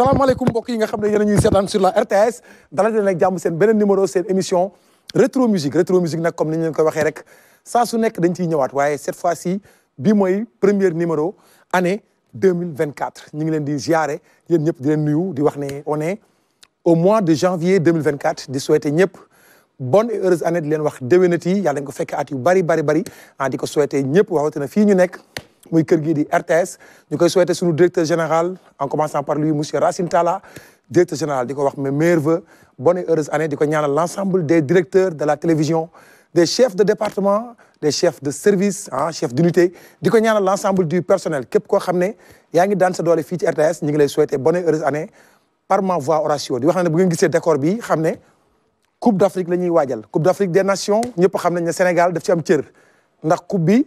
salaamaaleykum alaikum, bokki nga xam ne sétane sur la RTS Dans la ak jàmm sen benen numéro sen émission rétro musique rétro musique nak comme ni ñu ko waxé rek sa su nek dañ ci ñëwaat waaye cette fois ci bi moy premier numéro année 2024 ñu ngi leen di ziaré yéen ñëpp di leen nuyu di wax né on est au mois de janvier 2024 di souhaiter ñëpp bonne et heureuse année di leen wax dewenati yalla nga ko fekk at yu bari bari bari ah di ko souhaiter ñëpp na fi ñu nek muy kër gii di RTS ñu koy souhaiter suñu directeur général en commençant par lui monsieur Racine Tala directeur général di ko wax mes meilleurs vœux bonne et heureuse année di ñaanal l'ensemble des directeurs de la télévision des chefs de département des chefs de service ah chefs d'unité di ko ñaanal l'ensemble du personnel képp koo xam ne yaa ngi daan sa doole ci RTS ñu ngi lay souhaiter bonne et heureuse année par ma voix Horatio di wax na ne bu ngeen gisee décor bi xam coupe d'Afrique la ñuy coupe d'Afrique des nations ñëpp xam nañ ne Sénégal daf ci am cër ndax coupe bi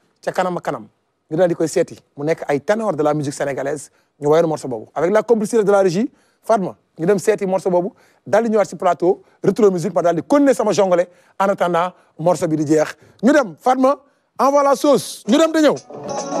ca kanam a kanam ñu daal di koy de la musique sénégalaise ñu woyoon morceau avec la complicité de la régie Farma, ñu dem seeti morceau boobu daal di si plateau la musique ma daal di sama en attendant morceau bi di Nous ñu dem envoie la sauce Nous dem da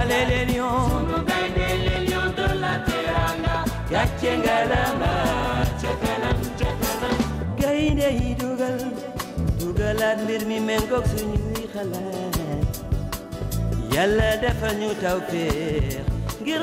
Allez les lions, nous gagnons les mi Yàlla defa ñu tawfeex ngir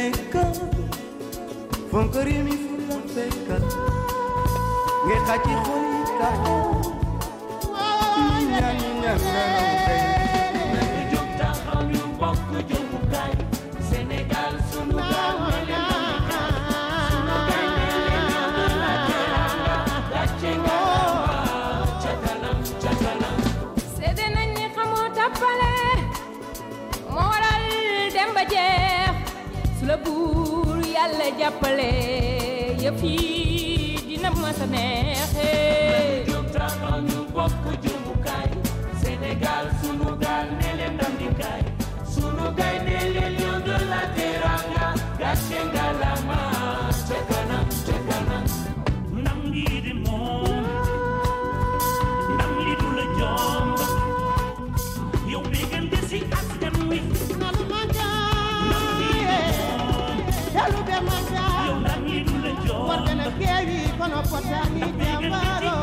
meka Fonkori mi fula feka Nge khoni kati buur yàlla jàppale yëf yi dina masa neexee jóg taxaw ñu bokk jumukaay Sénégal sunu gaal ne leen dandikaay sunu gaay ne leen lion de la teranga gàcce nga kewi kono potami jambaro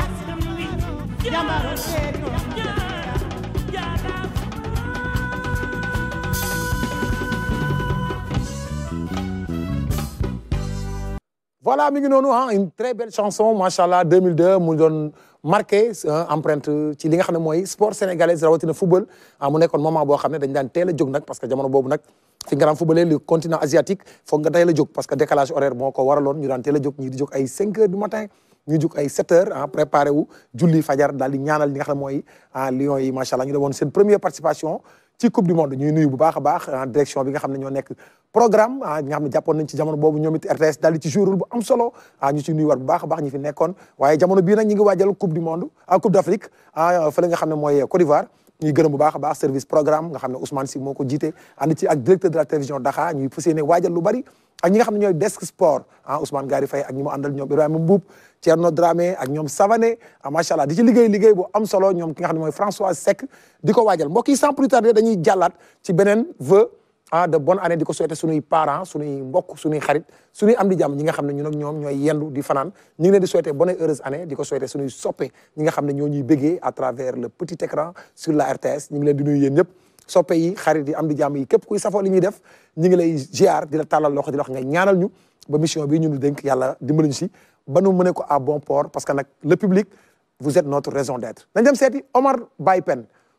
jambaro kedo Voilà, mi ngi noonu hein, une très belle chanson machallah 2002 mu doon marqué hein, empreinte ci li nga xam ne sport sénégalais rawatina football ah mu nekkoon moment boo xam ne dañ daan teel a jóg parce que jamono boobu nag fi nga daan footballé le continent asiatique foog nga teel a jóg parce que décalage horaire moo ko waraloon ñu daan teel a jóg di jóg ay 5 du matin ñu jóg ay ah, préparé wu julli fajar daal di ñaanal li nga xam mooy ah Lions yi macha allah ñu demoon seen première participation ci coupe du a baax ah, direction bi nga xam ne ñoo nekk programme ah ñi nga xam ne jàppoon nañ jamono boobu ñoom it RTS daal di ci jourul bu am solo ah ci nuyu war bu baax a baax ñi fi nekkoon waaye jamono bii ñi ngi waajal coupe du monde ah, coupe d'Afrique ah nga xam mooy ñuy gërëm bu baax a baax service programme nga xam ne Ousmane Sy moo ko jiite ànd ci ak directeur de la télévision Dakar ñuy fas waajal lu bari ak ñi nga ne ñooy desk sport ah Ousmane Gari Faye ak ñi mu àndal ñoom Ibrahima Mboub Thierno ak ñoom Savané ah macha allah di ci liggéey liggéey bu am solo ñoom ki nga xam ne mooy François Seck di ko waajal mbokk yi sans plus tarder dañuy jàllaat ci beneen vœu ah de bonne année diko souhaiter suñuy parents suñuy mbokk suñuy xarit suñuy am di jàmm ñi nga xamne ñun ak ñom ñoy yendu di fanaan ñu ngi di souhaiter bonne heureuse année diko souhaiter suñuy soppé ñi nga xamne ne ñoo ñuy béggee à travers le petit écran sur la RTS ñu ngi di nuyu yeen ñep soppé yi xarit yi am di jàmm yi képp kuy safo li ñuy def ñu ngi lay ziar di la talal loxo di wax nga ñaanal ñu ba mission bi ñu yalla yàlla ñu ci ba nu mëne ko à bon port parce que nak le public vous êtes notre raison d'être nañ dem séti Omar Baye Pène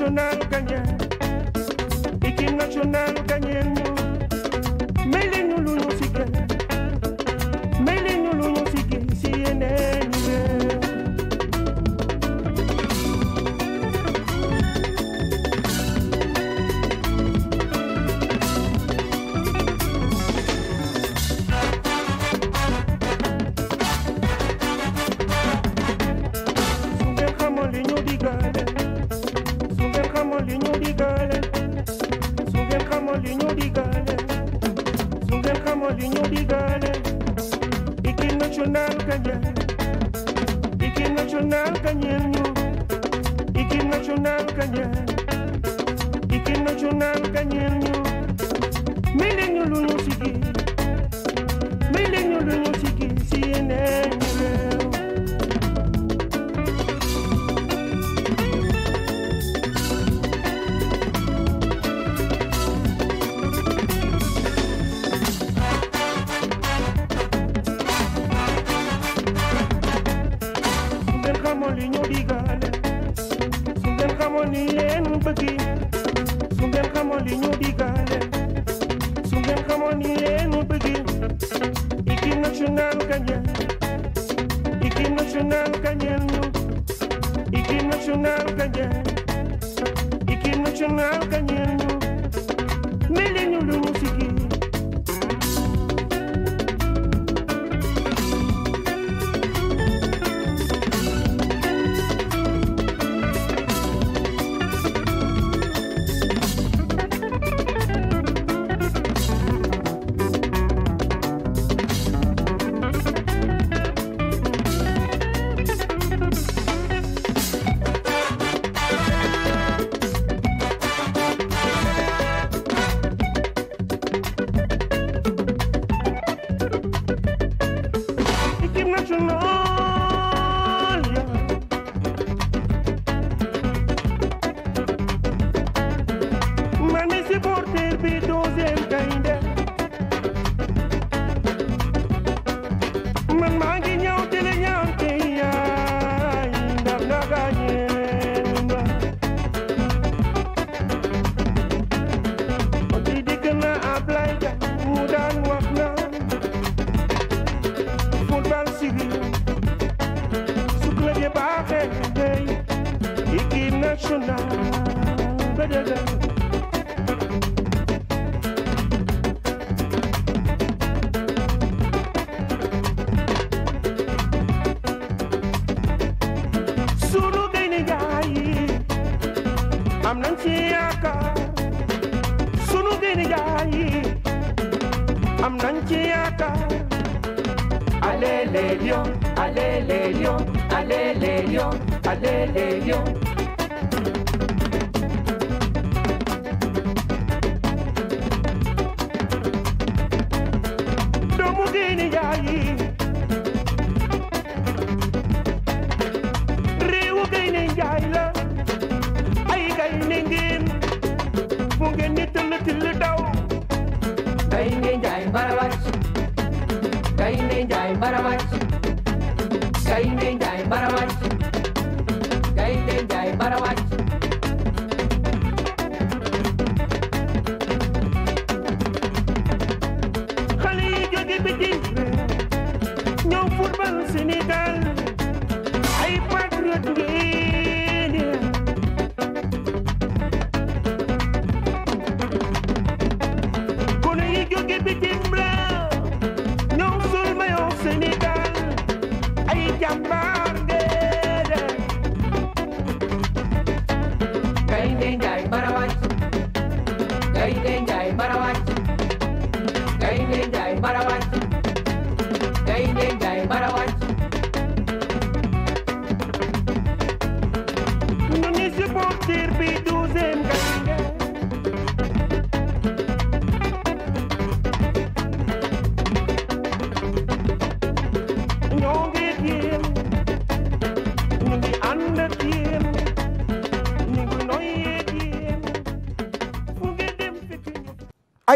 International Ghanaian, international Ghanaian.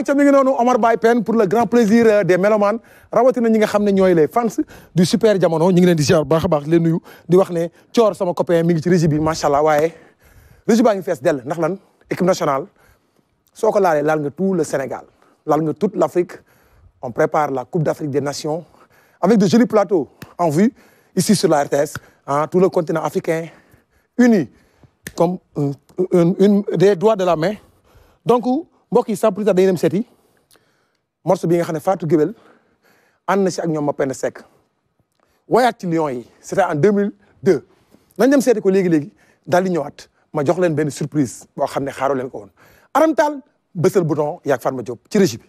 ayca mi Omar pour le grand plaisir euh, des mélomanes Nous ñi nga xam les fans du super jamono ñu ngi leen di ziar baax a baax leen nuyu di wax ne coor sama copain mi ngi ci régie bi lan équipe nationale Soit que laalee nga tout le Sénégal langue nga toute l'Afrique on prépare la Coupe d'Afrique des Nations avec de jolis plateaux en vue ici sur la RTS hein, tout le continent africain uni comme un, un, des doigts de la main donc mbokk yi sans plus tarder dañuy dem seeti morceau bi nga xam ne Fatou Guewel ànd na si ak ñoom ma Mapenda Seck woyaat ci Lions yi c'était en mille 2002 nañ dem seeti ko léegi léegi daal di ñëwaat ma jox leen benn surprise boo xam ne xaaru leen ko woon Aram Taal bësal bouton yaag ma Diop ci régie bi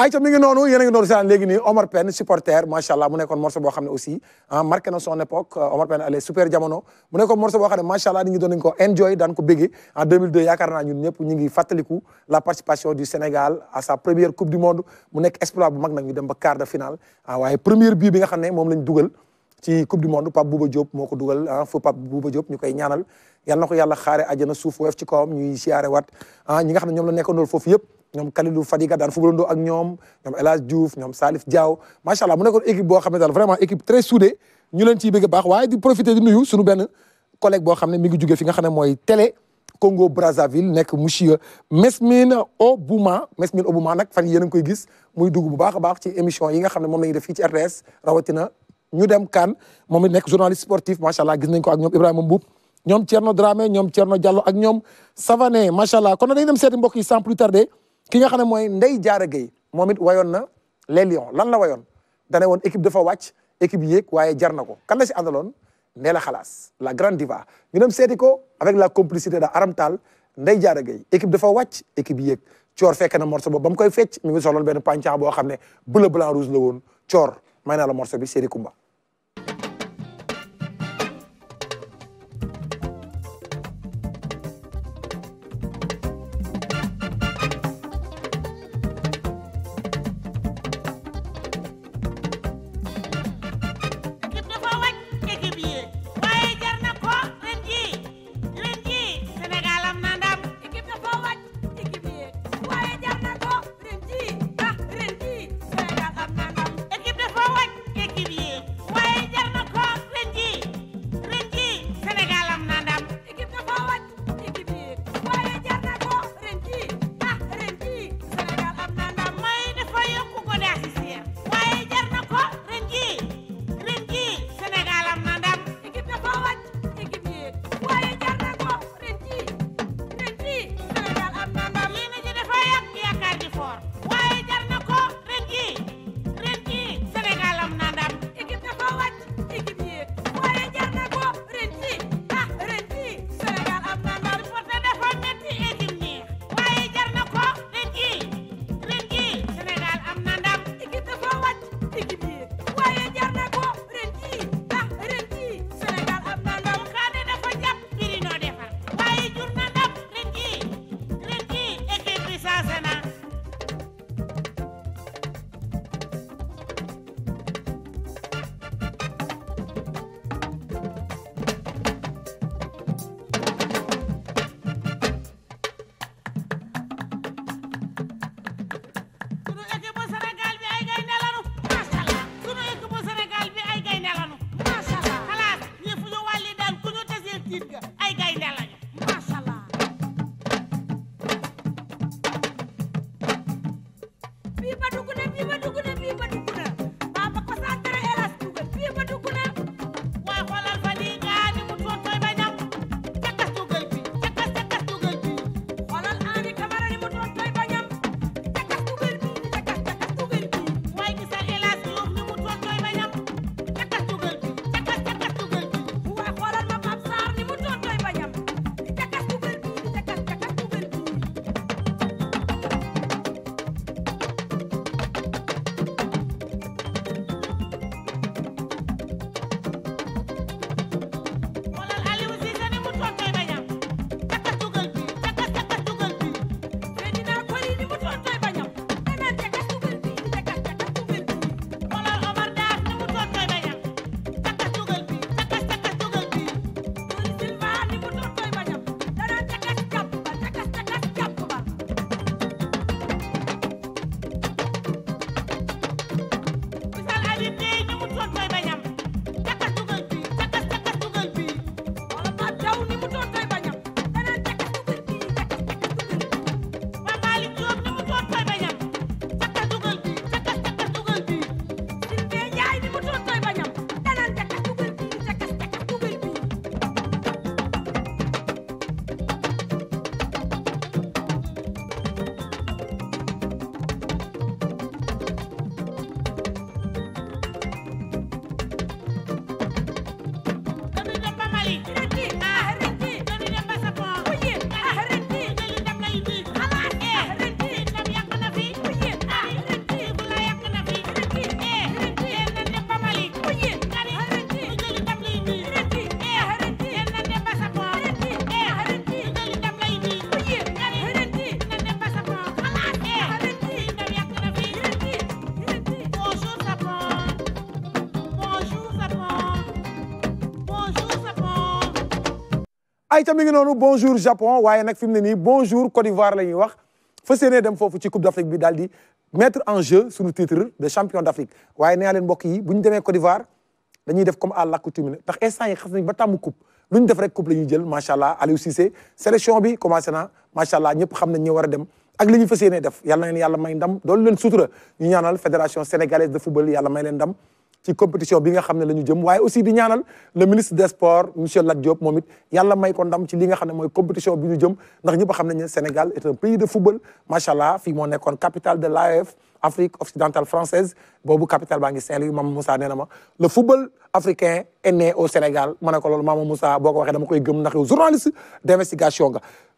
ayca mi ngi noonu yene ngi doon sa léegi ni Omar Pen supporter macha allah mu nekkon morceau bo xam aussi ah marqué na son époque euh, Omar Pen allez super jamono mu nekkon morceau bo xam ne macha allah nit ko enjoy dan ko béggee en 2002 yakarna ñun ñëpp ñi ngi fatalikou la participation du Sénégal à sa première coupe du monde mu nekk exploit bu mag nak ñu dem ba quart de finale ah, waaye première bi bi nga xam mom lañ duggal ci coupe du monde pap Bouba Diop moko duggal dugal ah pap Bouba Diop ñukay ñaanal yalla nako yalla yàlla aljana souf wef ci kawam ñuy siyaare wat ah ñi nga xam ñom la nekkoon fofu yépp ñom Kalilou Fadiga daan fubalandoo ak ñom ñom El Diouf ñom Salif Diaw macha allah mu nekkoon équipe bo xamné ne vraiment équipe très soudée ñu leen ci bëgg baax waaye di profiter di nuyu suñu benn collègue bo xamné mi ngi joggé fi nga xamné moy télé Congo Brazzaville nekk monsieur Mesmine Obouma Mesmine Obouma nak fan yéen a ngi koy gis muy dugg bu baax baax ci émission yi nga xamné mom lañu def fii ci RTS rawatina ñu dem kan moom it nekk journaliste sportif macha allah gis nañ ko ak ñom Ibrahima Mboup ñom Thierno Dramé ñom Thierno Diallo ak ñom Savané macha allah kon nag dem seeti mbokk yi sans plus tarder ki nga xam ne mooy Ndeye jaara Gueye moom it wayoon na les Lions lan la wayoon dane woon équipe dafa wàcc équipe yéeg waaye jar na ko kan la si àndaloon Ndella Xalass la grande diva ñu dem seeti ko avec la complicité de Aram Tall Ndeye Diarra Gueye équipe dafa wàcc équipe yéeg Coor fekke na morceau boobu ba mu koy fecc mi ngi soloon benn pàncaa boo xam ne bleu blanc rouge la woon Coor may la morceau bi Séri Kumba bonjour Japon waaye nag fi ni. bonjour Côte d'Ivoire la ñuy wax fa dem ci Coupe d'Afrique bi mettre en jeu le titre de champion d'Afrique waaye nee naa yi Côte d'Ivoire dañuy def comme à la coutume. instant yi xam nañ ba une coupe lu def rek coupe la ñuy jël macha Aliou Cissé sélection bi commencé na macha allah ñëpp xam nañ ñi war a ak li ñu def yalla na yalla may ndam doolu leen sutura ñu ñaanal fédération sénégalaise de football yalla may leen ndam ci compétition bi nga xamné lañu jëm waye aussi di ñaanal le ministre des sports monsieur Lat Diop moom it may ko ndam ci li nga xamné moy compétition bi ñu jëm ndax ñëpp xam nañ Sénégal est un pays de football machallah fi mo nekkon capitale de l'AF Afrique occidentale française bobu capitale baangi Saint-Louis mam Moussa nee le football africain est né au Sénégal ma ne ko loolu Mama Moussa boko waxé dama koy gëm ndax journaliste d'investigation nga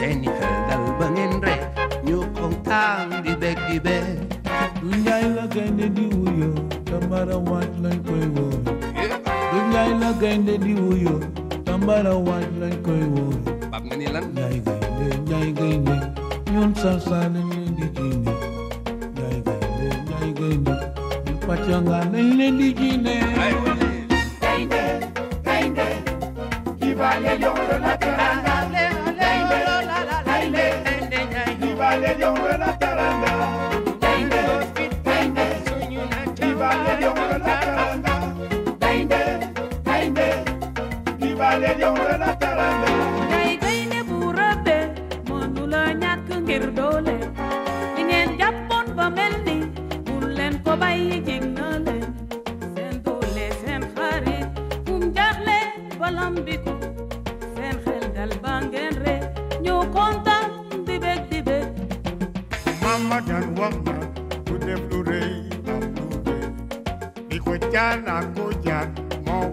senihöga ubangenre nyokontandi begibe dunyaila gainde diwuyo tambara wat lan watlan koiwo dunyaila gainde diwuyo tambara wat lan watlan koiwo babganilan nyai gainde nyai gainde nyon sasane nendi jinde nyai gainde nyai gainde pachangane nendi jinde gainde gainde kibale yoro la kanga Jacarandá.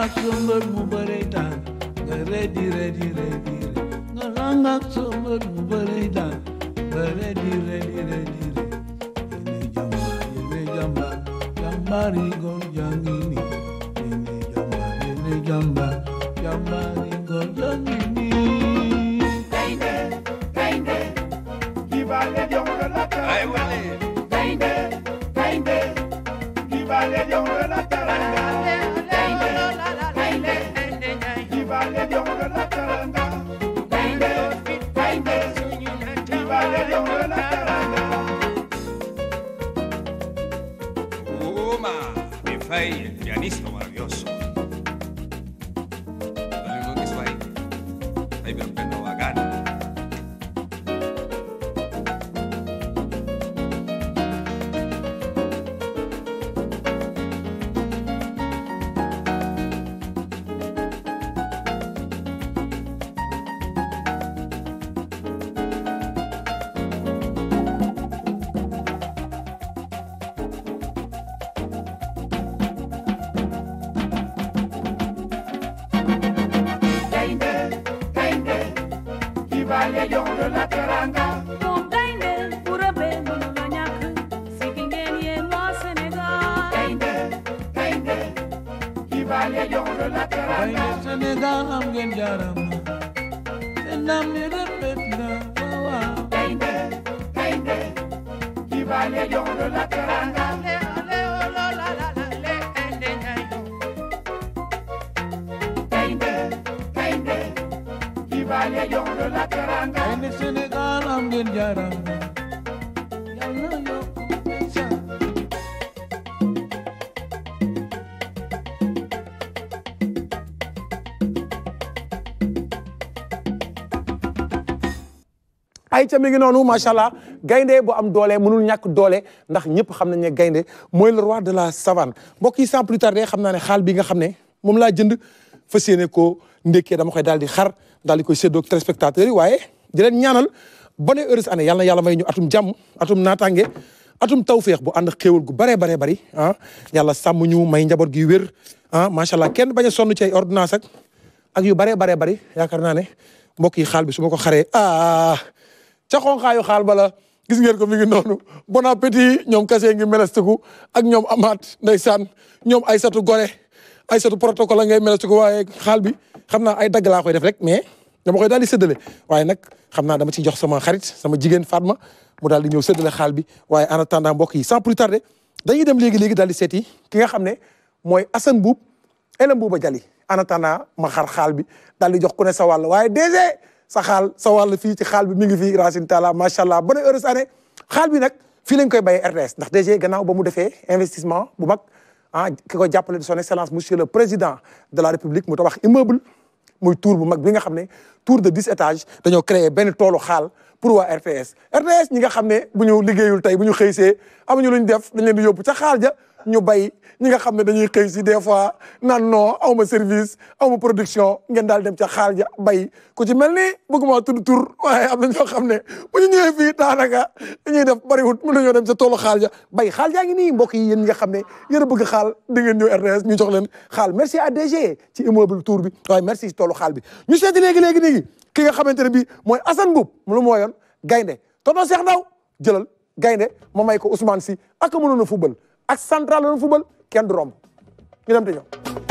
aklımda mübarek ay ngi noonu macha allah gaynde bo am doole mënul ñàkk doole ndax ñëpp xam nañ ne gaynde mooy le roi de la savane mbokk yi sans plus tarder xam naa ne xaal bi nga xam ne moom laa jënd fas yéene ko ndekkee damo koy daal di xar daal di koy séddoog téléspectateurs yi waaye di leen ñaanal bonne heureuse année yàlla na yàlla may ñu atum jàmm atum naataange atum tawféex bu ànd xéewal gu baree baree bari ah yàlla sàmm may njaboot gi wér ah macha allah kenn bañ a sonn ci ay ordonnance ak ak yu baree baree bari yaakaar naa ne mbokk yi xaal bi su ko xaree ah. ca xonqaayu xaal bala gis ngeen ko mi ngi noonu bon appétit ñoom kase ngi melestiku ak ñoom amaat ndeysaan ñoom ay satu gore ay satu protocole ngay melestiku waaye xaal bi xam naa ay dagg laa koy def rek mais dama koy daal di séddale waaye nag xam naa dama ci jox sama xarit sama jigéen ma mu daal di ñëw séddale xaal bi waaye ana attendant mbokk yi sans plus tarder dañuy dem léegi-léegi daal di seeti ki nga xam ne mooy Assane Boub Elam Bouba Jali en attendant ma xar xaal bi daal di jox ku sa wàll sa xaal sa wàll fii ci xal bi mi ngi fi racine taala machallah bonne heureuse année xal bi nak fi lañ koy baye RTS ndax DG gannaaw ba mu defee investissement bu mag ah kiko ko de son excellence monsieur le président de la république mu tabax immeuble muy tour bu mag bi nga xamné tour de 10 étages dañoo créer ben toolu xal pour waa RTS RTS ñi nga xamné ne bu ñu liggéeyul tey bu ñu xëysee amuñu luñ def dañ leen di yóbbu ca xal ja ñu bay ñi nga xam ne dañuy xëy si des fois naan non aw ma service aw ma production ngeen daal dem ca xaal ja bay ku ci mel ni bëgguma tudd tur waaye am na ñoo xam ne bu ñu ñëwee fii daanaka dañuy def bariwut mën nañoo dem ca toolu xaal ja bay xaal jaa ngi nii mbokk yi yéen ñi nga xam ne yéen a bëgg xaal di ngeen ñëw RTS ñu jox leen xaal merci a DG ci immeuble tour bi merci ci toolu xaal bi ñu seeti léegi léegi léegi ki nga xamante ne bii mooy Assane Mboup lu mooyoon gaynde tonton Cheikh Ndaw jëlal gaynde ma may ko Ousmane si ak mënoon a football ak central la doon fubal kenn du romb ñu dem te ñëw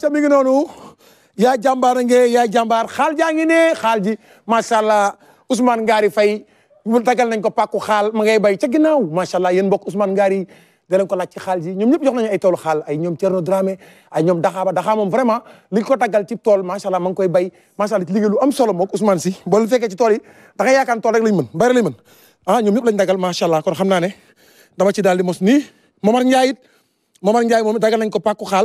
ca mi ngi nonu ya jambar nge ya jambar xal jangi ya kan ah, ne xal ji macha allah Ousmane Ngari fay mu tagal nañ ko pakku xal ma ngay bay ca ginnaaw macha allah yéen mbokk Ousmane Ngari lañ ko lacc ci xaal ji ñom ñep jox nañ ay toolu xal ay ñom Thierno Dramé ay ñoom Daxaaba Daxaa mom vraiment liñ ko tagal ci allah ma ngi koy bay allah ci ligelu am solo mok Ousmane si bo lu fekke ci tol yi da nga yakkan tol rek lañ mën bari lañ mën ah ñom ñep lañ dagal macha allah kon xamna ne dama ci daldi mos ni Momar Ndiaye Momar mom tagal nañ ko pakku xal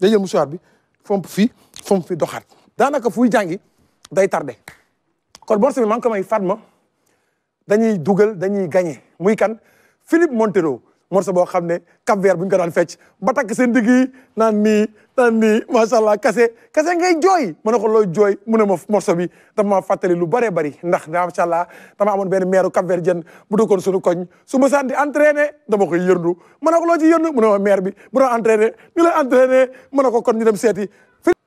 day jël mouchoir bi fomp fii fomp fii doxaat daanaka fuy jàngi day tardé kon bourse bi maa ngi ko may dañuy dugal dañuy gagné muy kan Philippe Montero morceau boo xam ne Cap Vert bu ñu ko daan fec ba takk seen digg yi naan nii naan nii kase kase ngay jooy ma ne ko looy jooy mu ne ma morceau bi dama maa fattali lu bëree bari ndax macha allah dama amoon benn maire Cap Vert jën bu dëkkoon suñu koñ su ma saan di entraîné dama koy yërndu ma ne ko loo ci yërndu mu ne ma maire bi bu doon entraîné ñu lay ne ko kon ñu dem seeti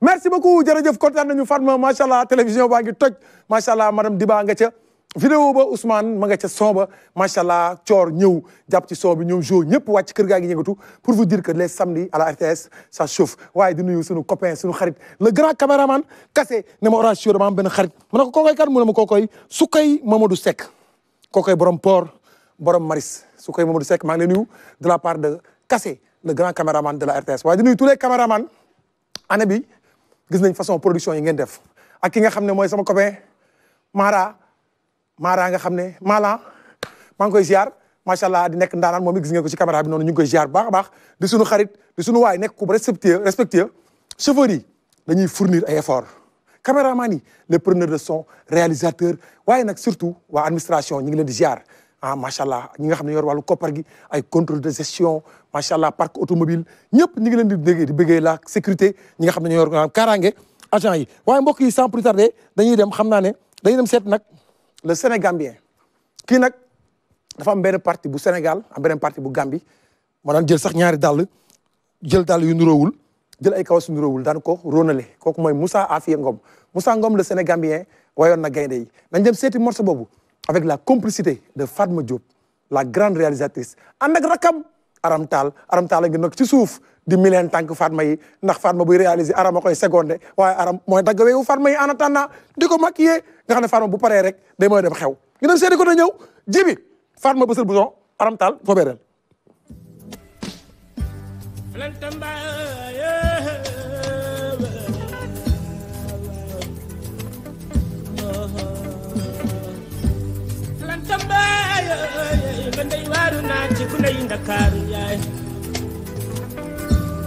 merci beaucoup jërëjëf kontaan nañu Fatma macha allah télévision baa ngi toj macha allah madame Diba nga ca vidéo ba Ousmane ma nga ci soba ba macha allah coor ñëw jàpp ci sobi ñom ñoom jo ñëpp wàcc kër gaa ngi yëngatu pour vous dire que les samedis à la RTS ça chauffe waye di nuyu suñu copain suñu xarit le grand cameraman cassé né ma orange dama am benn xarit ma ne ko kookoy kan mu ne ma kookoy Sukay Mamadou Seck kookoy borom port borom maris Sukay Mamadou Seck ma ngi lay nuyu de la part de cassé le grand cameraman de la RTS waye di nuyu tous les cameraman ané bi gis nañ façon production yi ngeen def ak ki nga xamné moy sama copain Mara Mara nga xam ne Mala mang koy ziar machallah di nek ndaanaan momi gis nga ko ci caméra bi noonu ñu ngi koy ziar baax baax di suñu xarit di suñu way nek ku respecté respecté chauffeur yi dañuy fournir ay effort caméraman yi les preneurs de son réalisateur way nak surtout wa administration ñu ngi leen di ziar ah machallah ñi nga xam ne yor wàllu gi ay contrôle de gestion machallah parc automobile ñëpp ñu ngi leen di déggee di bëggee la sécurité ñi nga xam ñor ñoo agent yi waaye mbokk yi sans plus tarder dañuy dem xamna né dañuy dem set nak le Sénégambien qui n'a dafa am partie parti bu Sénégal un parti bu Gambie je suis jël sax ñaari dàll jël yu jël ay kawas yu le ko Moussa Ngom Moussa Ngom le Sénégambien wayoon na je suis morceau avec la complicité de Fatma Diop la grande réalisatrice ànd ak rakam Aram Aram di milen tank farma yi ndax farma buy réaliser aram akoy seconder waye Aram moy dagg weewu farma yi anatana diko makiyé nga xamné farma bu paré rek day moy dem xew ñu dem seeti ko na ñew jibi farma beusel bouton Aram tal, foo yeah, yeah, yeah,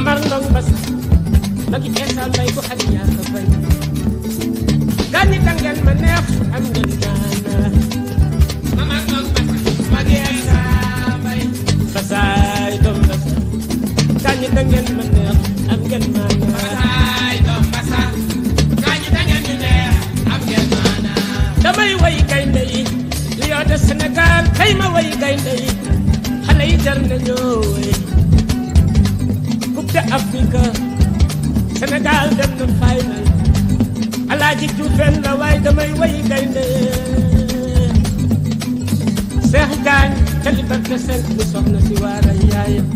Yomar Ndong Bass Macky Insa Mbaye bu xaj yaa ko fay gànni tàngal ma neex am ngeen naan Yomar Ndong Bass Macky Insa Mbaye Bassaay Ndong Bass gànni tàngal ma neex am ngeen maanaa Bassaay Ndong Bass gànni tàngal ma neex am ngeen maanaa damay way gaynde yi li yoo de Sénégal kay ma way gaynde yi xale yi jar nañoo way de Afrique Sénégal dem na final Alaaji Juufeen la waaye damay way gaynde Seex Jaañ te liberté sel bu soxna si waara yaayam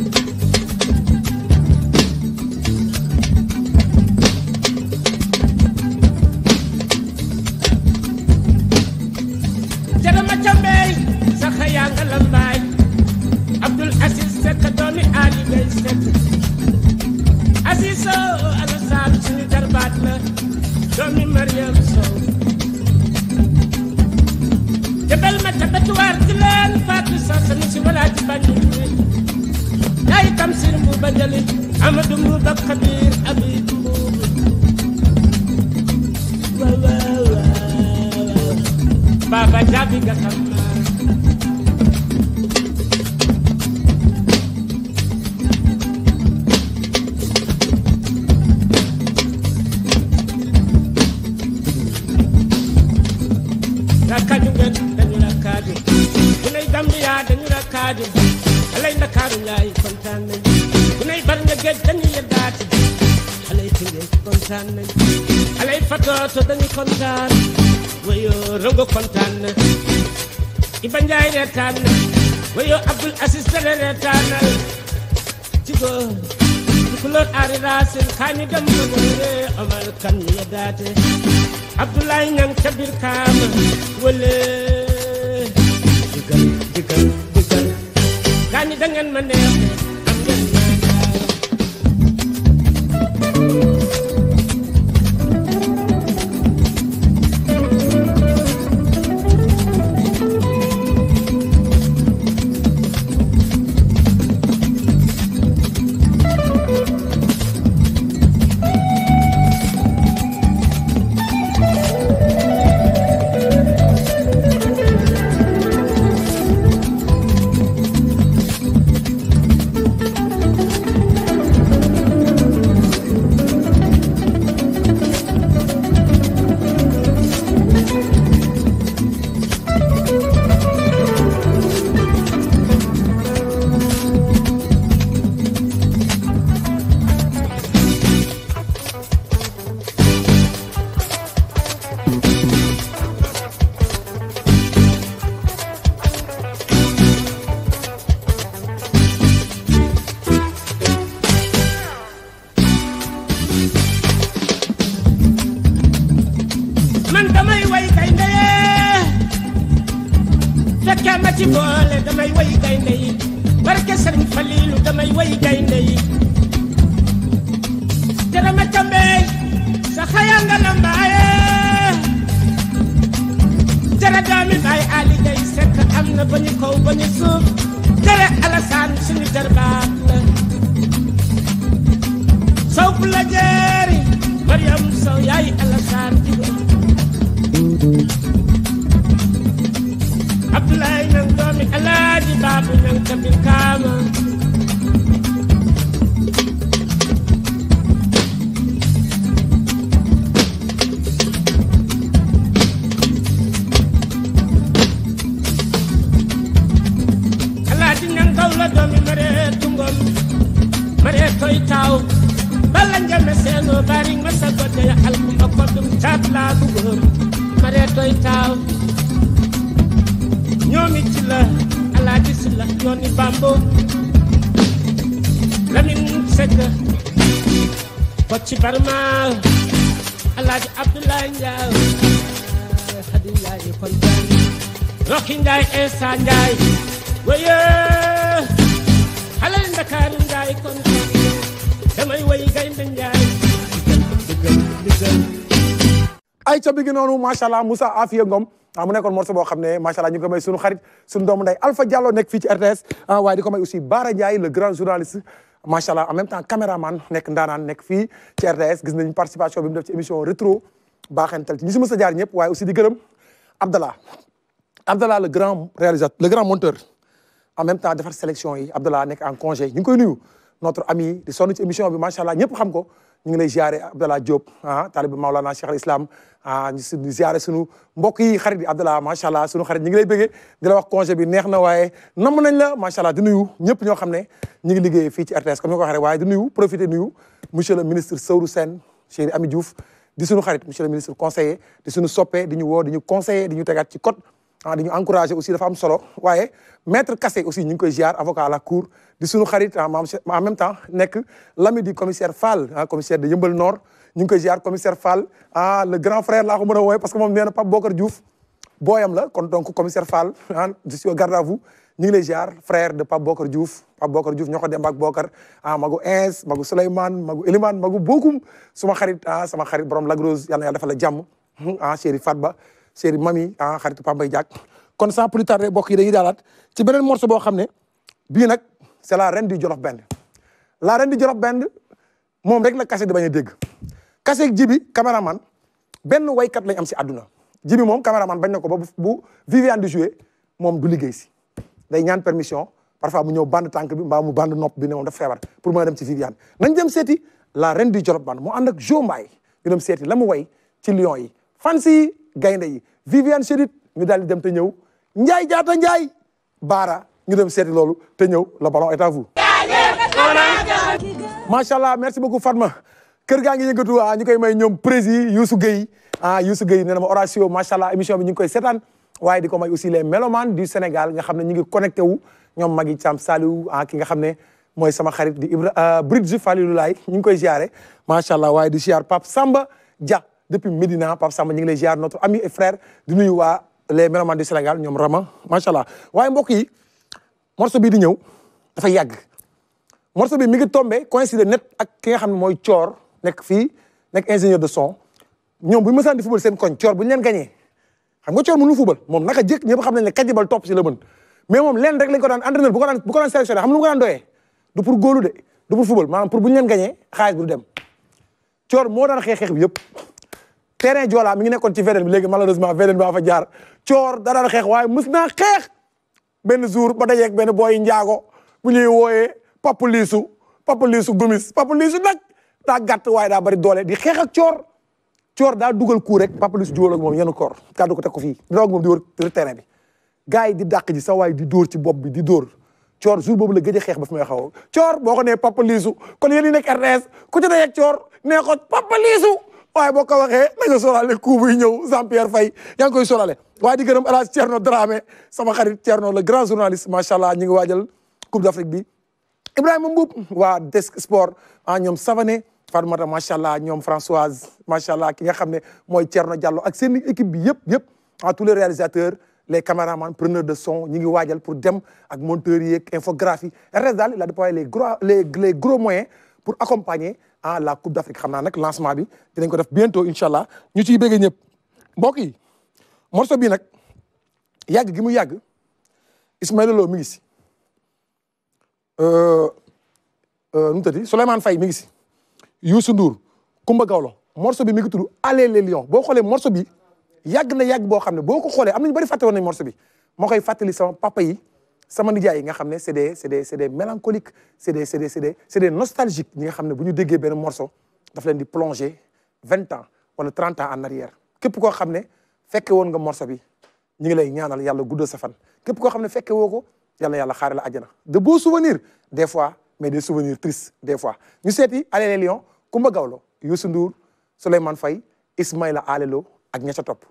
doomi Mariam Sow jëbal ma tabatuwaar di leen Fatou Sassane si wala ci Banjul yaay Tamsir Mbuuba Jali Amadou Baba Jabi daaju alay Ndakaaru laay kontaan nañ ku nay bar nga géej dañu yeddaati alay Tëngéej kontaan nañ alay Fatooto dañu kontaan wayoo Rogo kontaan na Iba Njaay reetaan na wayoo Abdul Asis Tere reetaanal ci góor kulóor aari raasin kaa ñu dem na mu wéree Omar kan ñu yeddaate Abdoulaye Ñang ca biir kaama wëlee digal digal dengan menembak sayanga lambaaye jërë doomi baay Ali Gay Sekk am na ba ñu kaw ba ñu suuf jërë Alasaan suñu jarbaat la sow ku la jeeri Mariam nang doomi Alaaji Baabu nang kabir kaama Johnny Bambo Lamine Seck Kocc Barma Alaaji Abdoulaye Ndiaye Hadi Ndiaye Kolban Rocky Ndiaye Insa Ndiaye waye xalal Ndakaaru Ndiaye kontaan damay way gaynde Ndiaye ay ca bi gi noonu macha allah Moussa Afia Ngom ah mu nekkoon morceau boo xam ne macha allah ñu ko may sunu xarit sunu doomu nday Alpha Diallo nekk fii ci RTS ah waaye di ko may aussi Bara Ndiaye le grand journaliste macha allah en même temps caméraman nekk ndaanaan nekk fii ci RTS gis nañu participation bi mu def ci émission rétro baaxental ci ñi si mës a jaar ñëpp waaye aussi di gërëm Abdallah Abdallah le grand monteur en même temps defar sélection yi Abdallah nekk en congé ñu ngi koy nuyu notre ami di sonn bi macha allah ñëpp xam ko. ñu ngi lay ziare Abdallah Diop ah taalibe Maolana Cheikh al Islam ah, sunu mbokk yi xarit yi Abdallah macha allah sunu xarit ñu ngi lay bëggee di la wax congé bi neex na waaye nam nañ la macha di nuyu ñëpp ñoo xam ne ñu ngi liggéey fii ci RTS comme ni ko waxee rek waaye di nuyu profité nuyu monsieur le ministre Sowru Sène Chéri Ami Diouf di sunu xarit monsieur le ministre conseiller di sunu soppe di ñu woo di ñu conseiller di ñu tegaat ci code ah di ñu encouragé aussi solo waaye maître Kassé aussi ñu ngi koy ziar avocat à di suñu xarit ah, en même temps nek l'ami du commissaire Fall ah commissaire de Yëmbal Nord ñu ngi koy ziar commissaire Fall ah le grand frère la ko mën a parce que mom nee na Bokar Diouf boyam la kon donc commissaire Fall ah je suis au garde à vous ñu ngi lay ziar frère de pap Bokar Diouf pap Bokar Diouf ñoko ko dem ak Bokar ah magu Ins magu Suleiman magu Eliman magu Bokum suma xarit ah sama xarit borom Lagrose yalla na yàlla la jamm hmm, ah chéri Fatba chéri Mami ah xaritu pap Mbaye Diack kon sans plus tarder mbokk yi dañuy daalaat ci benen morceau bo xamné ne nak c'est la reine du Jolof Band la reine du Jolof Band mom rek la cassette di bañ Cassette Djibi cameraman jibi way kat lañ am ci aduna. Djibi mom cameraman bañ nako ba bu Vivian du jouer mom du liggéey ci. day ñaan permission parfois mu ñew band tank bi mbaa mu band nopp bi ne moom dafa pour ma dem ci Viviane nañ dem la reine du Jolof Band mo and ak Jo Mbaye ñu dem seeti lamu way ci Lions yi Fancy gaynde yi Viviane Chérit ñu dal dem te ñew Njaay Jaata Njaay Bara ñu dem seeti loolu te ñëw la ballon est à vous. macha allah merci beaucoup Fatma. kër gaa ngi yëngatu ah ñu koy may ñoom prési Youssou Gueye ah Youssou Gueye nee na ma Horatio macha allah émission bi ñu ngi koy seetaan waaye di ko may aussi les mélomanes du Sénégal nga xam ne ñu ngi connecté wu ñoom Magui Thiam Saliou ah ki nga xam ne mooy sama xarit di Ibra ah, Bridge Falilou Laye ñu ngi koy ziare macha allah waaye di ziar Pape Samba Dia depuis Médina Pape Samba ñu ngi lay ziar notre ami et di nuyu waa les mélomanes Sénégal ñoom Rama macha waaye mbokk yi. morceau bi di ñëw dafa yag morceau bi mi ngi tombé coïncider net ak ki nga xam moy mooy nek fi nek ingénieur de son ñom bu mësan di football seen koñ coor buñu ñu leen gañee xam nga coor mënu football mom naka jek ñepp xam nañ ne kajibal topp si la mais mom len rek lañ ko daan entraîneur bu ko daan bu ko daan sélectionner xam lu ko daan doyee du pour golu dé du pour football maanaam pour buñu ñu leen gañee xaalis bi dem coor mo daan xex xex bi yëpp terrain Joola mi ngi nekkon ci vélène bi léegi malheureusement vélène ba fa jaar coor da daan xeex waaye mës naa benn jour ba dajeeg benn booy njaago bu ñuy wooyee Papa Liisu Papa Liisu Gomis Papa Liisu nag daa gàtt waaye daa bari doole di xeex ak coor coor daa dugal coup rek Papa Liisu juwal ak moom yenn koor kàddu ko teg ko fii di daw ak moom di wër terrain bi gars yi di dàq ji sa waay di dóor ci bopp bi di dóor coor jour boobu la gëj a xeex ba fi may xaw coor boo ko nee Papa Liisu kon yéen ñi nekk RTS ku ci dajeeg coor nee ko Papa Liisu waaye boo ko waxee na nga sóoraale coup buy ñëw Jean Pierre Faye yaa ngi koy sóoraale waaye di gërëm El Hadj Thierno Dramé sama xarit Thierno le grand journaliste macha allah ñu ngi waajal Coupe d'Afrique bi Ibrahima Mboup waa Desk Sport ah ñoom Savané Fatoumata macha allah ñoom Françoise macha allah ki nga xam ne mooy Thierno Diallo ak seen équipe bi yëpp yëpp ah tous les réalisateurs les caméramans preneurs de son ñi ngi waajal pour dem ak monteurs yeeg infographie reste daal il a déployé les gros les les gros moyens pour accompagner à la coupe d'Afrique Xamna nak lancement bi dinañ ko def bientôt incha ñu ci bëggee ñëpp mbokk yi morceau bi nak yàgg gi mu yàgg Ismaël Lo mi ngi euh, euh nu tati tëddi Souleymane Faye mi ngi Youssou Ndour Kumba Gawlo morceau bi mi ngi tudd Allez les Lions bo xolé morceau bi Yag na yàgg bo xamné ne xolé am nañu bari faté won nañ morceau bi moo koy fatali sama papa yi sama nijaay nga xam c'est des c'est des c'est des mélancoliques c'est des c'est des c'est des c'est des nostalgiques ñi nga xam ne bu ñu déggee benn morceau daf leen di plonger vingt ans ou le trente ans en arrière képp koo xam ne fekke woon nga morceau bi ñu ngi lay ñaanal yàlla guddal sa fan képp koo xam ne fekke woo ko yàlla yàlla xaare la àjjana de beaux souvenirs des fois mais des souvenirs tristes des fois ñu seeti Allez les Lions Kumba Gawlo Youssou Ndour Souleymane Faye Ismaïla Alélo, ak ña ca topp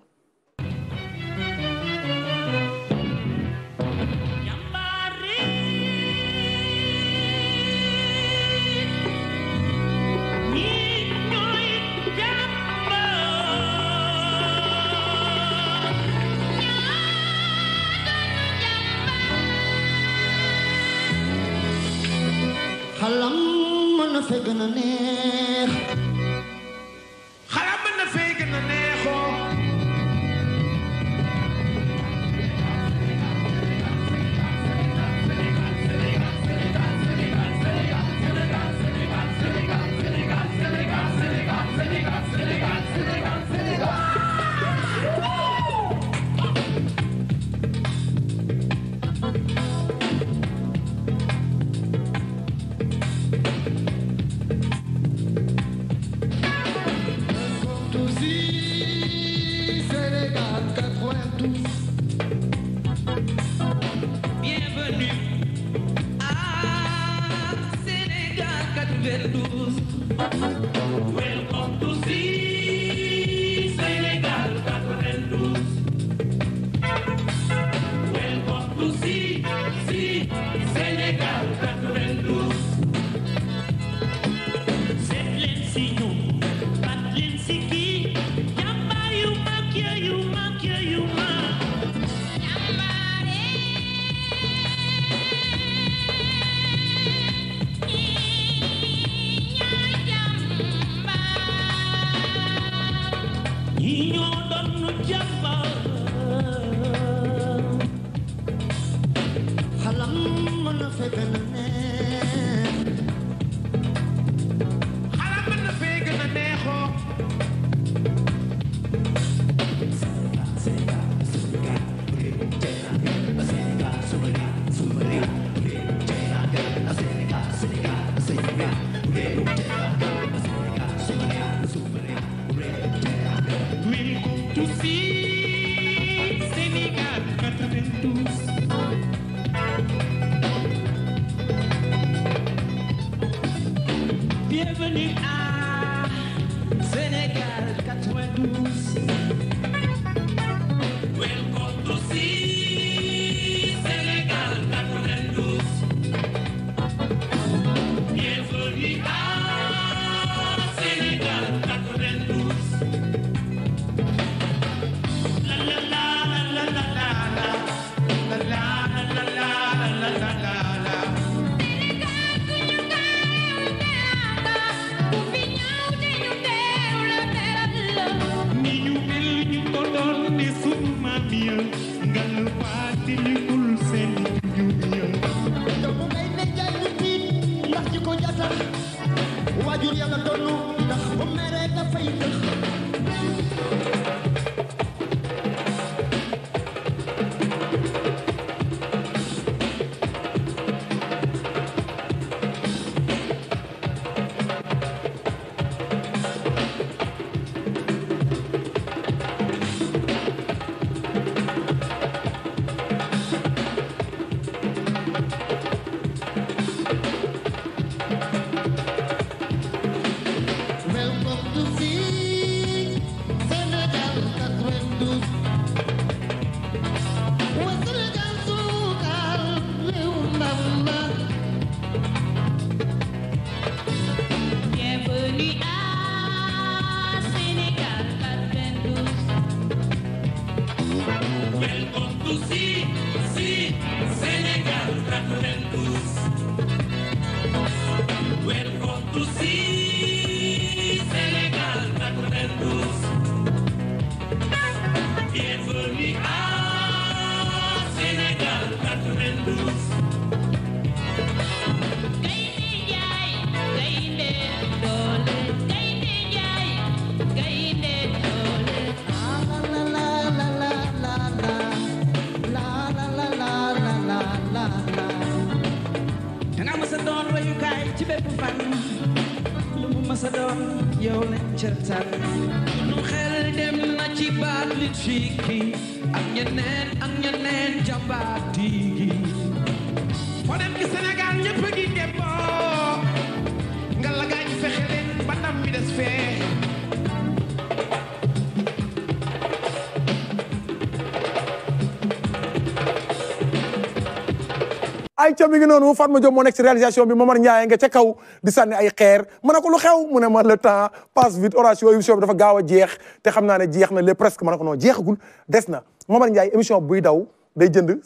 ca mi ngi noonu Fatma Diop moo nekk ci réalisation bi Momar Ndiaye nga ca kaw di sànni ay xeer mën na ko lu xew mu ne ma le temps passe vite oration émission bi dafa gaaw a jeex te xam naa ne jeex na le presque mën na ko noonu jeexagul des na Momar Ndiaye émission buy daw day jënd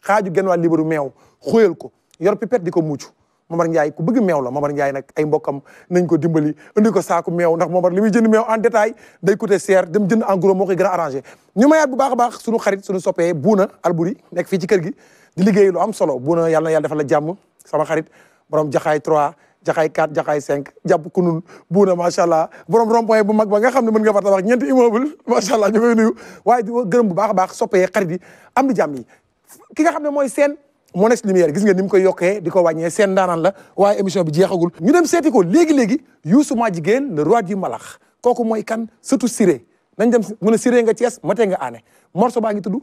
xaaju genn wàll libaru meew xóoyal ko yor pipette di ko mucc Momar Ndiaye ku bëgg meew la Momar Ndiaye nag ay mbokkam nañ ko dimbali indi ko saaku meew ndax Momar li muy jënd meew en détail day coûter cher dem jënd en gros moo bu baax baax suñu xarit suñu soppee buuna alburi nekk fii ci kër gi di liggéey lu am solo bu na yalla na yàlla defal la jamm sama xarit borom jaxay 3 jaxay 4 jaxay 5 japp jàpp kunun buuna macha allah borom rompoy bu mag ba nga xam mën nga fa wax ñent immeuble macha allah ñu ngi nuyu waaye di gërëm bu baax baax soppé xarit yi am di jamm yi ki nga xam moy sen seen Monex Lumière gis nga nim koy yoké diko wañé sen daanan la waaye émission bi jéxagul ñu dem séti ko légui léegi Youssou Madjiguène le roi du malax koku moy kan surtout Siré nañ dem mëna Siré nga Thiès maté nga ané morceau ba ngi tuddu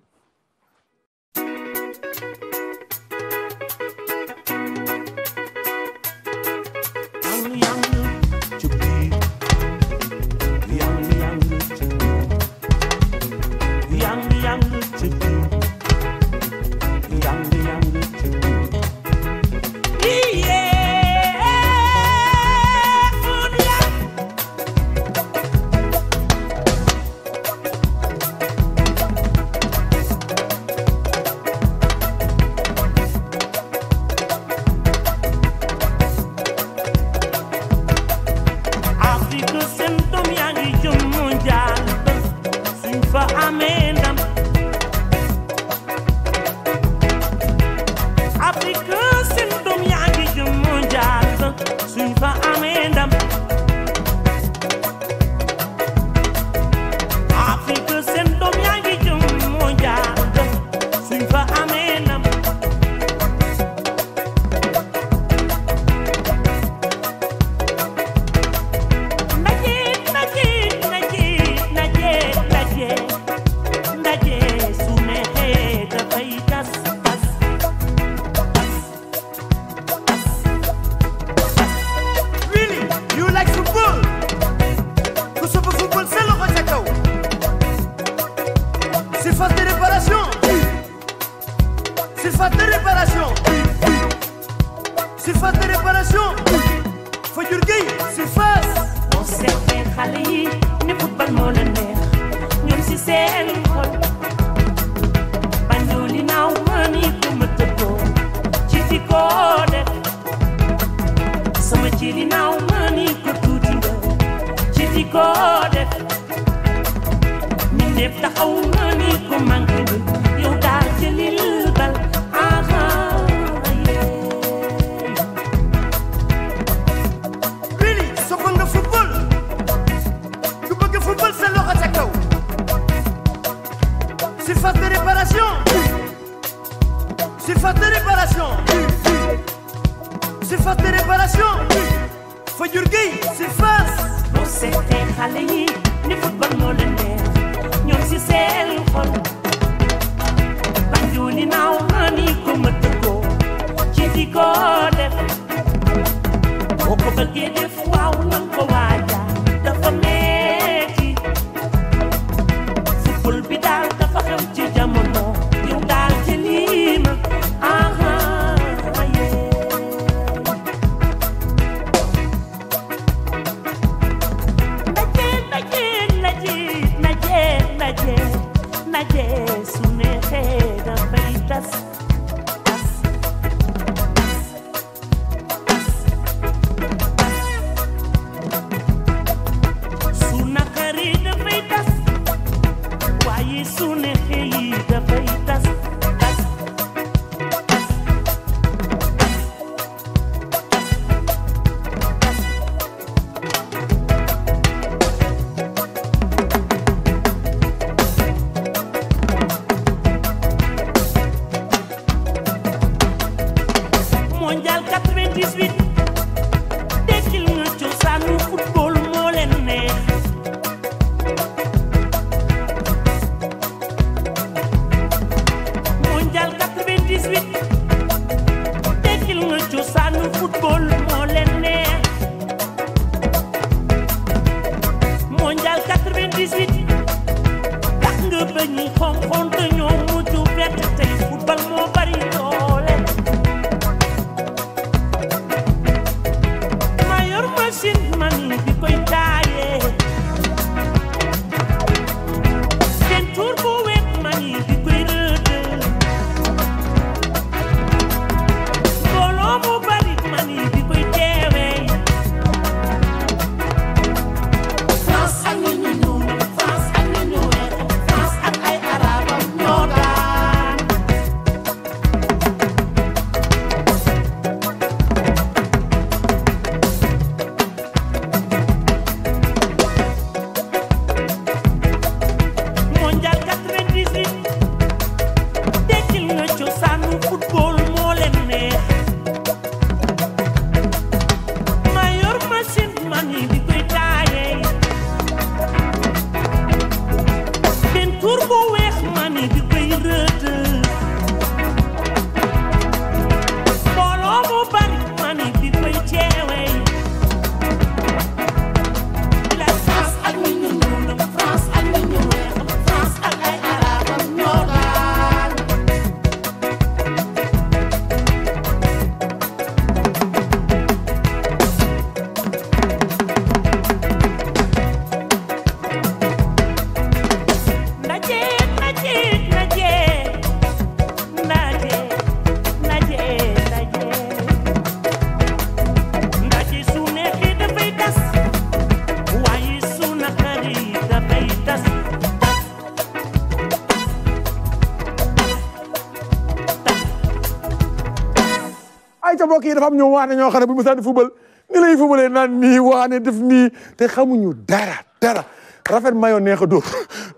yi dafa am ñoo waane ñoo xam ne bu mu sànni fubal ni lay fubalee naan nii waane def nii te xamuñu dara dara rafet mayo neex a dóor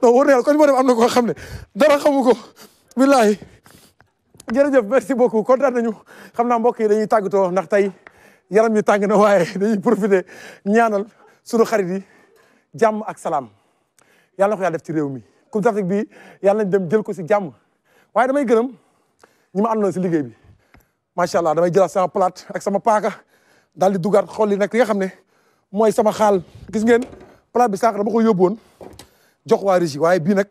donc war na yàlla kon moo dem am na koo xam ne dara xamu ko billahi jërëjëf merci beaucoup kontaan nañu xam naa mbokk yi dañuy tàggatoo ndax tey yaram yi tàng na waaye dañuy profité ñaanal sunu xarit yi jàmm ak salaam yàlla na ko yàlla def ci réew mi Coupe d'Afrique bi yàlla nañ dem jël ko si jàmm waaye damay gërëm ñi ma àndoon si liggéey bi macha allah damay jëlaat sama plate ak sama paaka daal di dugaat xool li nag li nga xam ne mooy sama xaal gis ngeen plate bi sànq dama ko yóbbu woon jox waa régie waaye bii nag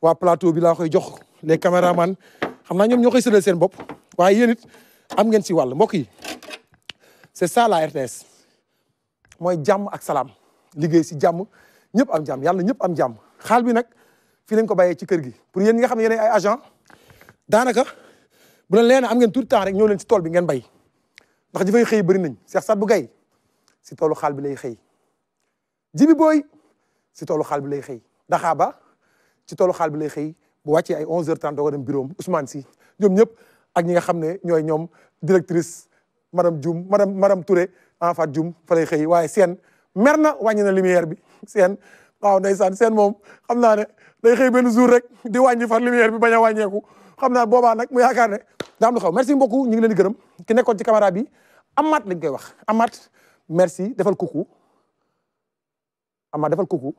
waa plateau bi laa koy jox les caméramans xam naa ñoom ñoo koy séddale seen bopp waaye yéen it am ngeen si wàll mbokk yi c'est ça la RTS mooy jàmm ak salaam liggéey si jàmm ñëpp am jàmm yàlla ñëpp am jàmm xaal bi nag fii lañ ko bàyyee ci kër gi pour yéen ñi nga xam ne yéen ay agent daanaka. bu leen leen am ngeen tout temps rek ñëw leen ci tool bi ngeen bay ndax ji fay xëy bëri nañ Cheikh Sadbou Gaye si toolu xaal bi lay xëy Jibi Boy si toolu xal bi lay xëy Daxaaba si toolu xal bi lay xëy bu wàccee ay 11h30 doog a dem bureau si ñoom ñëpp ak ñi nga xam ne ñooy ñoom directrice madame Dioum madame madame Touré en fait Dioum fa lay xëy waaye seen mer na wàññi na lumière bi seen waaw ndeysaan seen moom xam naa ne day xëy benn jour rek di wàññi far lumière bi bañ a wàññeeku. xam naa boobaa nag mu yaakaar ne daa am lu xaw merci mbokku ñu ngi leen di gërëm ki nekkoon ci caméra bi Amath lañ koy wax Amath merci defal coucou Amath defal coucou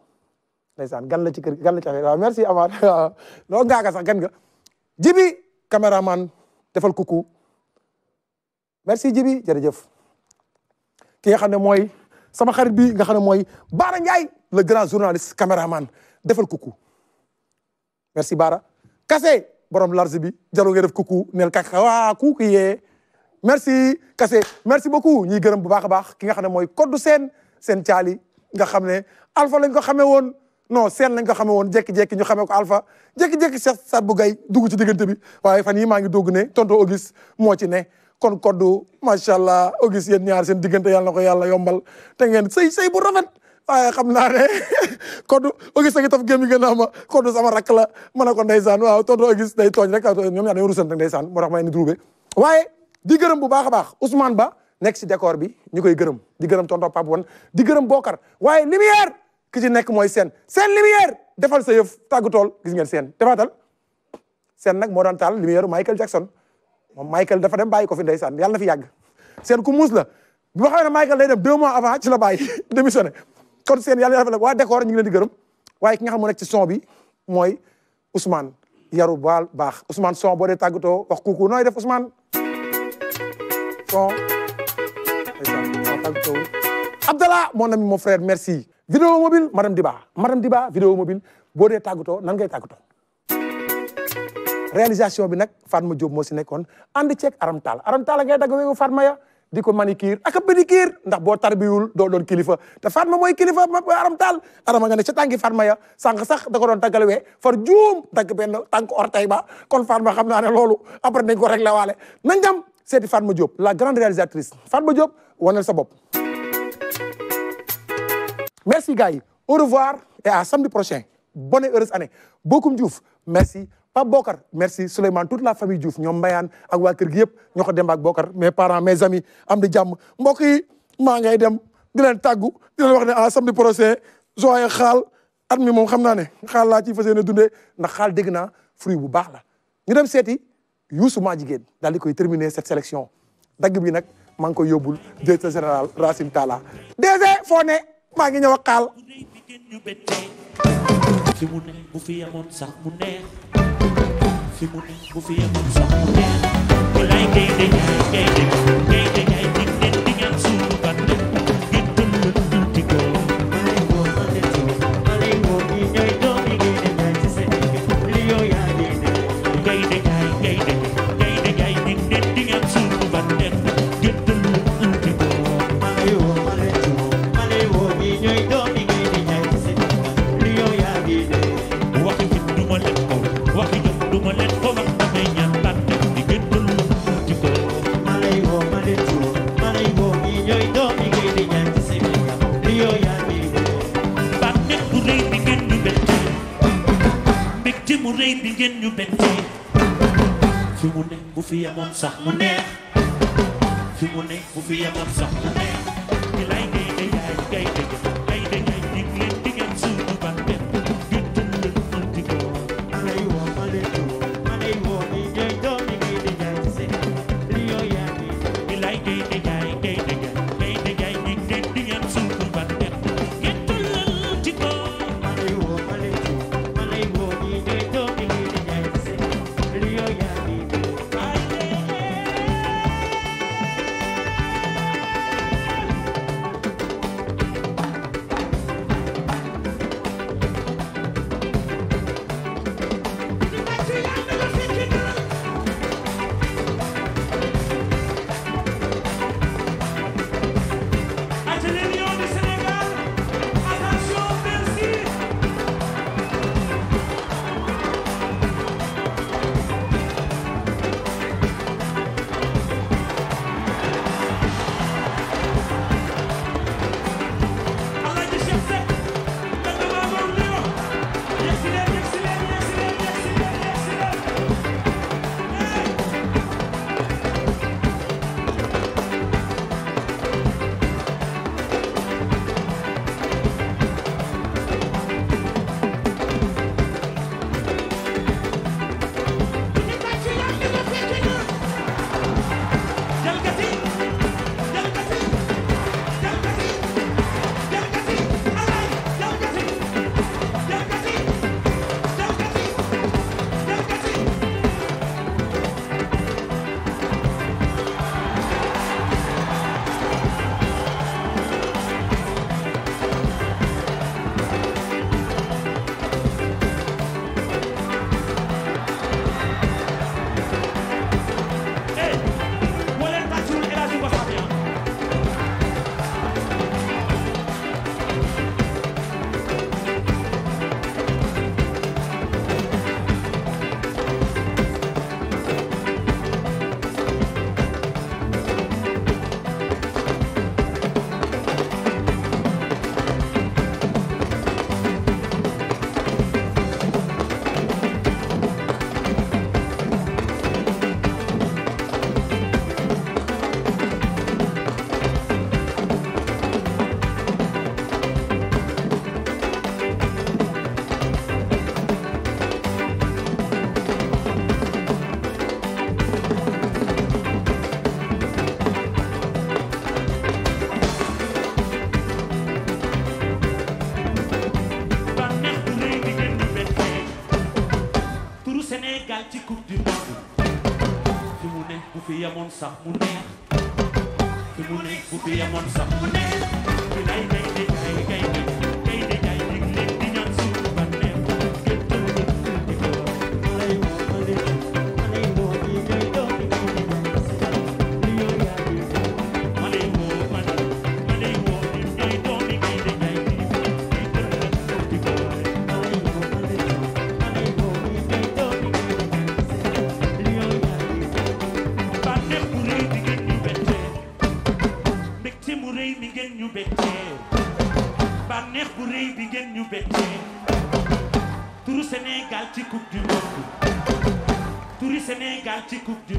ndeysaan gan la ci kër gan la ci affaire waaw merci Amath loolu ngaa ka sax gan nga jibi caméraman defal coucou merci jibi jërëjëf ki nga xam ne mooy sama xarit bi nga xam ne mooy Baara Ndiaye le grand journaliste caméraman defal coucou merci Baara kase borom large bi jaru nga def kuku neel kak waa kuku yee merci Kassé merci beaucoup ñuy gërëm bu baax a baax ki nga xam ne mooy koddu seen seen caali nga xam ne alpha lañ ko xamee woon non seen lañ ko xamee woon jékki-jékki ñu xamee ko alpha jékki-jékki Cheikh Sat gay dugg ci diggante bi waaye fan yi maa ngi dugg ne tonton Auguste moo ci ne kon koddu macha allah Auguste yéen ñaar seen diggante yàlla na ko yàlla yombal te ngeen sey sey bu rafet waaye xam naa ne Codou Auguste a ngi taf gém mi gën naa ma Codou sama rakk la ma ne ko ndeysaan waaw tonton Auguste day tooñ rek ñoom ñaar dañoo rusante ndeysaan moo tax may waaye di gërëm bu baax a baax Ousmane Ba nekk si décor bi ñu koy gërëm di gërëm tonton Pape Wan di gërëm Bokar waaye lumière ki ci nekk mooy seen seen lumière defal sa yëf tàggu tool gis ngeen seen defaatal seen nag moo daan taal lumière Michael Jackson moom Michael dafa dem bàyyi ko fi saan yàlla na fi yàgg seen ku muus la bi nga xam ne Michael day dem deux mois avant ci la bàyyi démissionné kon seen yàlla rafet la waa décor ñu ngi leen di gërëm waaye ki nga xam mu nekk ci bi mooy Ousmane yaru baal baax Ousmane son boo dee tàggatoo wax kuku nooy def Ousmane son tàggatoo Abdallah mon ami mon frère merci vidéo mobile madame Diba madame Diba vidéo mobile boo dee tàggatoo nan ngay tàggatoo réalisation bi nag ma Diop moo si nekkoon ànd ceeg Aram Tall Aram Tall ngay daggawee Fatma ya di ko manicure ak a pédicure ndax boo tarbiyul doo doon kilifa te Fatma mooy kilifa aram taal arama nga ne ca tànki Fatma ya sànq sax da ko doon tàggal wee far juum dagg benn tànk ortey ba kon Fatma xam naa ne loolu après nañ ko réglé waale nañ dem seeti Fatma job la grande réalisatrice ma Diop wanel sa bopp merci gars yi au revoir et à samedi prochain bonne heureuse année Bokum Diouf merci Pape Bokar merci Souleymane toute la famille Diouf ñoom Mbayaan a waa kër gi yëpp ñoo ko dem ak Bokar mais parents mes amis am di jàmm mbokk yi maa ngay dem di leen tàggu di leen wax ne en ah samedi prochain joye xaal at mi moom xam naa ne xaal laa ciy fas yéene dundee ndax xaal dégg naa fruit bu baax la ñu dem seeti Youssou maa jigéen daal di koy terminer cette sélection dagg bi nag maa ngi koy yóbbul directeur général Racine Talla DG foo ne maa ngi ñëw ak xaal. fi mu Fico, fico, fico, só com pena. fii moom sax sax mu neex te mu ne bu bi yemoon sax mu neex hukuk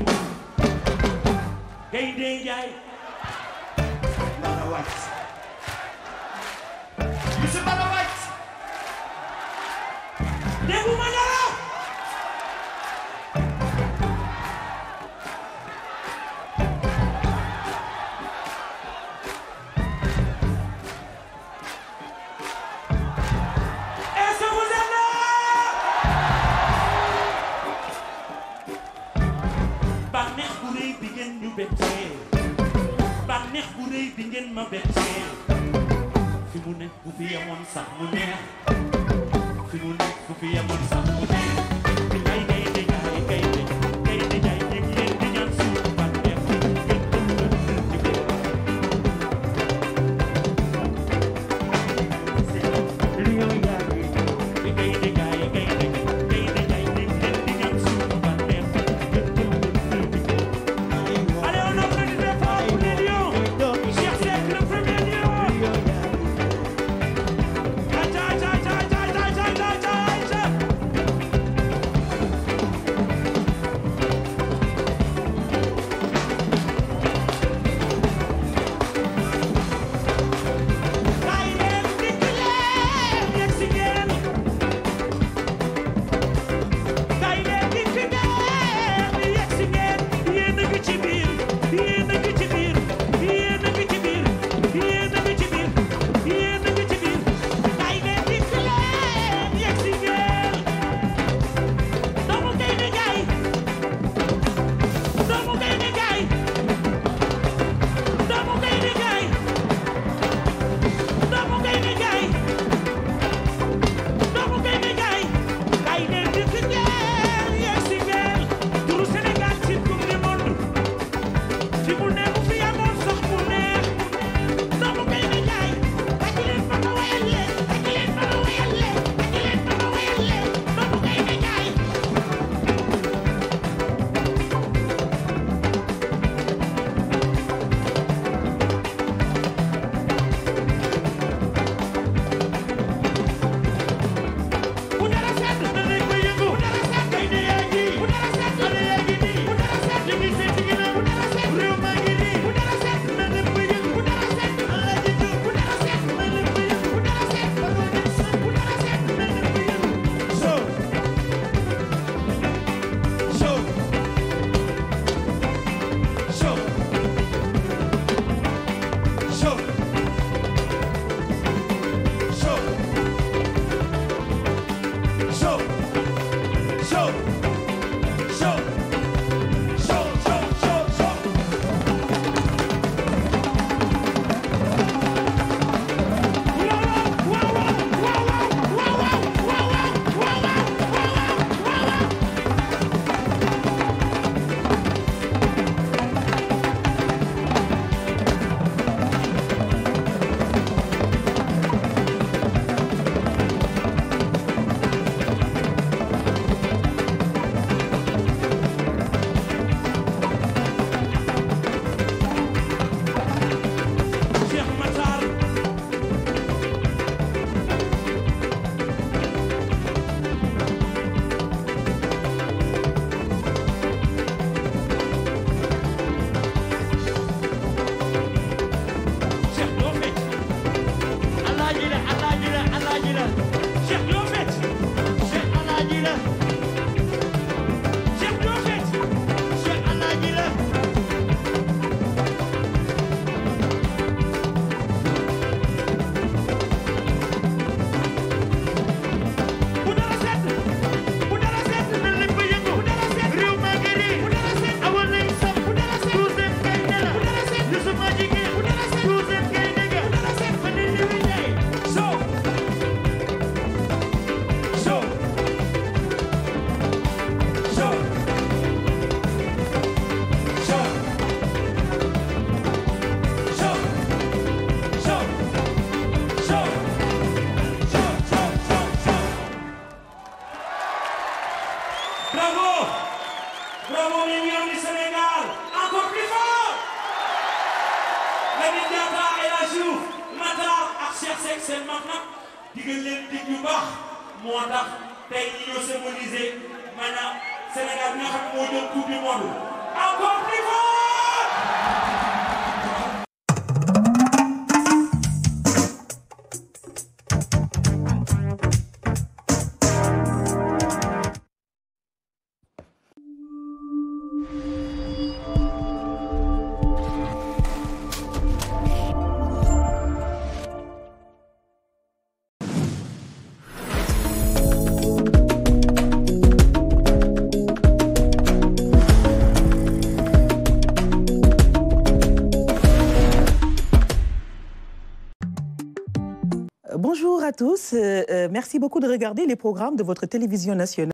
merci beaucoup de regarder les programmes de votre télévision nationale.